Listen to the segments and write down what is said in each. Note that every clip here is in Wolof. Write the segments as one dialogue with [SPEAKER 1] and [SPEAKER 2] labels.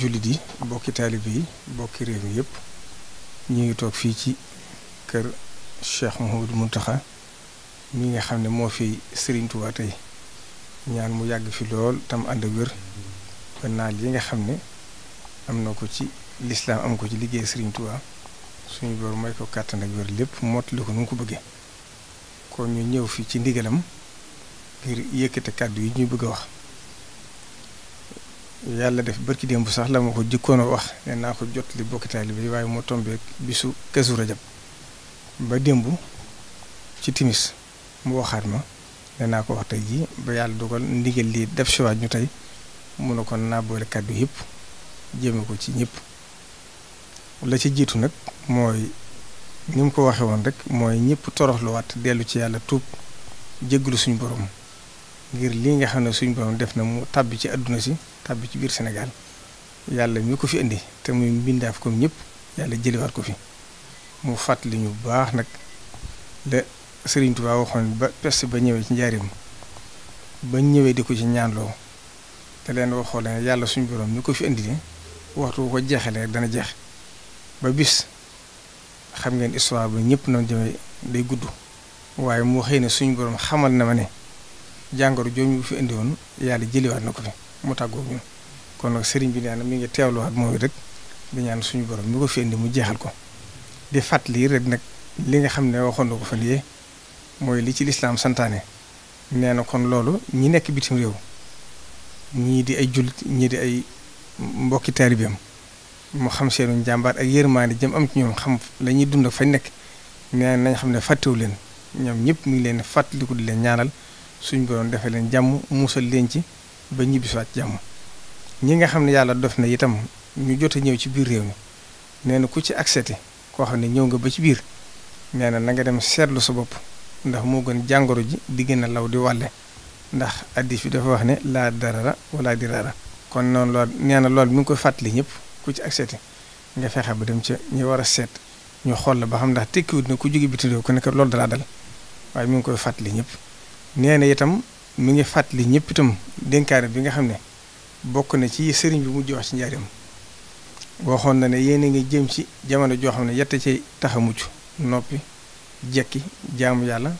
[SPEAKER 1] jullit yi bokki taalibe yi bokki réew mi yëpp ñu ngi toog fii ci kër Cheikh Mouhamadou taxa mi nga xam ne moo fi Serigne tey ñaan mu yàgg fi lool tam ànd ak wér ba naaj yi nga xam ne am na ko ci lislaam am ko ci liggéey Serigne Touba suñu bor may ko kàttan ak wér lépp mottali ko nu mu ko bëggee kon ñu ñëw fii ci ndigalam ngir yëkkate kàddu yi ñuy bëgg a wax. yàlla def barki démb sax la ma ko jikkoon wax ne naa ko jot li bokki taalibe bi waaye moo tombé bisu Kazu Rajab ba démb ci timis mu waxaat ma ne naa ko wax tey ba yàlla dogal ndigal lii def si ñu tey mu ne kon naa boole yëpp jëme ko ci ñëpp la ci jiitu nag mooy ni mu ko waxee woon rek mooy ñëpp toroxluwaat dellu ci yàlla tuub jéggalu suñu boroom ngir lii nga xam ne suñu borom def na mu tàbbi ci àdduna si. tàbbi ci biir Sénégal yàlla mi ko fi indi te muy mbindaaf comme ñëpp yàlla jëliwaat ko fi mu fàttali ñu bu baax nag la Serigne Touba waxoon ba peste ba ñëwee ci njaarim ba ñëwee di ko ci ñaanloo te leen waxoo leen yàlla suñu borom mi ko fi indi waxtu ko jeexalee rek dana jeex ba bis xam ngeen histoire ba ñëpp noonu jëme day gudd waaye moo xëy ne suñu borom xamal na ma ne jàngoro jooju fi indi woon yàlla jëliwaat na ko fi. mu tàggoog ñu kon nag sëriñ bi nee na mi ngi teewluwaat moom it rek di ñaan suñu borom mi ko fi indi mu jeexal ko di fàttali rek nag li nga xam ne waxoon na ko fa lii mooy li ci lislaam santaane nee na kon loolu ñi nekk bitim réew ñii di ay jullit ñii di ay mbokki taalibeem mu xam seenu njàmbaar ak yërmaande jëm am ci ñoom xam la ñuy dund fañ nekk nee nañ xam ne fàttewu leen ñoom ñëpp mi ngi leen fàttaliku di leen ñaanal suñu borom defee leen jàmm musal leen ci. ba ñibbisiwaat jàmm ñi nga xam ne yàlla def na itam ñu jot ñëw ci biir réew mi nee na ku ci accepté koo xam ne ñëw nga ba ci biir nee na na nga dem seetlu sa bopp ndax moo gën jàngoro ji di gën a law di wàlle ndax addis bi dafa wax ne laa darara wala dirara kon noonu lool nee na lool mu ngi koy fàttali ñëpp ku ci accepté nga fexe ba dem ca ñu war a seet ñu xool la ba xam ndax tekkiwut na ku jóge bitim réew ku nekk loolu dalaa dal waaye mi ngi koy fàttali ñëpp nee na itam mi ngi fàttali ñëpp itam dénkaane bi nga xam ne bokk na ci sëriñ bi mujj wax ci njaaram waxoon na ne yéen a ngi jëm ci jamono joo xam ne yett ci tax a mucc noppi jekki jaamu yàlla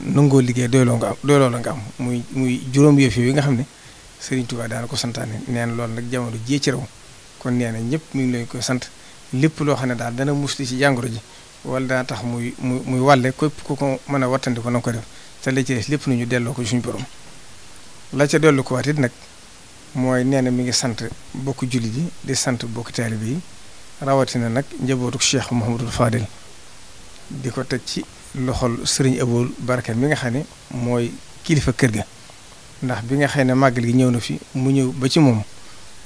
[SPEAKER 1] nangoo liggéey doyloo nga am doyloo la nga am muy muy juróom yëf yi nga xam ne sëriñ Tuubaa daana ko santaane neen lool nag jamono jii ci raw kon nee na ñëpp mi ngi leen koy sant lépp loo xam ne daal dana musli ci jàngoro ji wala dana tax muy muy muy wàlle képp ku ko mën a wattandi ko ko def te la ci des lépp nañu delloo ko suñu borom la ca dellu ko waat nag mooy nee na mi ngi sant bokk jullit yi di sant bokk taalibe yi rawatina nag njabootu Cheikh Mouhamadul Fadel di ko teg ci loxol sëriñ Aboul Barka mi nga xam ne mooy kilifa kër ga ndax bi nga xam ne màggal gi ñëw na fi mu ñëw ba ci moom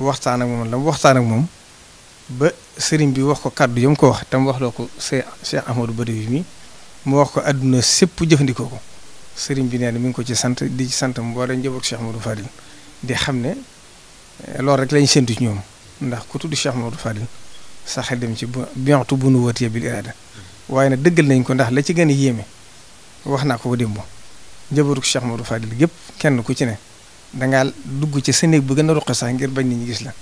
[SPEAKER 1] waxtaan ak moom la mu waxtaan ak moom ba sëriñ bi wax ko kàddu mu ko wax mu wax loo ko Cheikh Ahmadou Badawi mii mu wax ko àdduna sépp jëfandikoo ko sëriñ bi nee na mi ngi ko ci sant di ci sant mboolem njaboot Cheikh Modou Fadil di xam ne eh, loolu rek lañ séntu ci ñoom ndax ku tudd Cheikh Modou Fadil sax dem ci bu bientu bu nu wëtee bil waaye nag dëggal nañ ko ndax la ci gën a yéeme wax naa ko ba démb njabootu Cheikh Modou Fadil gépp kenn ku ci ne dangaa dugg ci sa néeg bu gën a ngir bañ nit ñi gis la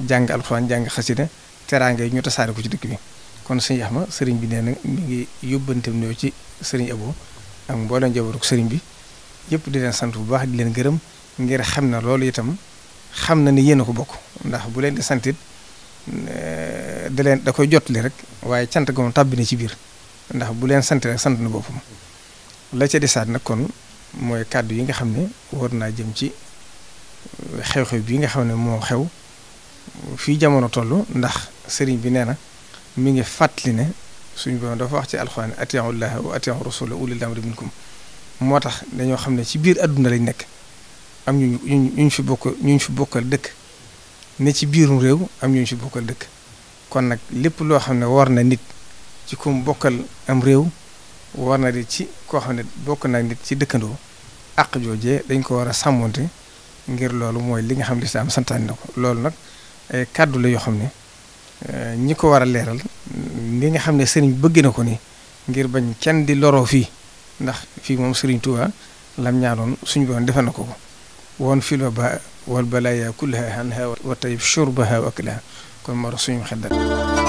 [SPEAKER 1] jàng alxuraan jàng xasida teraanga yi ñu tasaare ko ci dëkk bi kon sëñ Yaxma sëriñ bi nee na mi ngi yóbbanteem ñëw ci sëriñ Abo ak mboolem njabootu sëriñ bi yëpp di leen sant bu baax di leen gërëm ngir xam na loolu itam xam na ni yéen a ko bokk ndax bu leen di sant eh, da leen da koy jotali rek waaye cant ga moom ci biir ndax bu leen sant rek sant na boppam la ca desaat nag kon mooy kàddu yi nga xam ne war naa jëm ci xew-xew bi nga xam ne moo xew fii jamono toll ndax sëriñ bi nee na mu ngi fàttali ne. suñu borom dafa wax ci alxuraan atiiwu llaaha wa atiiwu rasuula ulil amri minkum moo tax dañoo xam ne ci biir àdduna lañ nekk am ñu ñu ñu fi bokk ñu fi bokkal dëkk ne ci biirum réew am ñu fi bokkal dëkk kon nag lépp loo xam ne war na nit ci kum bokkal am réew war na di ci koo xam ne bokk nag nit ci dëkkandoo àq joojee dañ ko war a sàmmonte ngir loolu mooy li nga xam lislaam santaani na ko loolu nag ay kàddu la yoo xam ne Euh, ñi ko war a leeral li nga xam ne sëriñ bëgg na ko ni ngir bañ kenn di loroo fii ndax fii moom sëriñ Touba lam ñaanoon suñu boon defe na ko ko woon fi la ba wal balaya kullaha anha wa tayib shurbaha wa aklaha kon moo suñu xeddal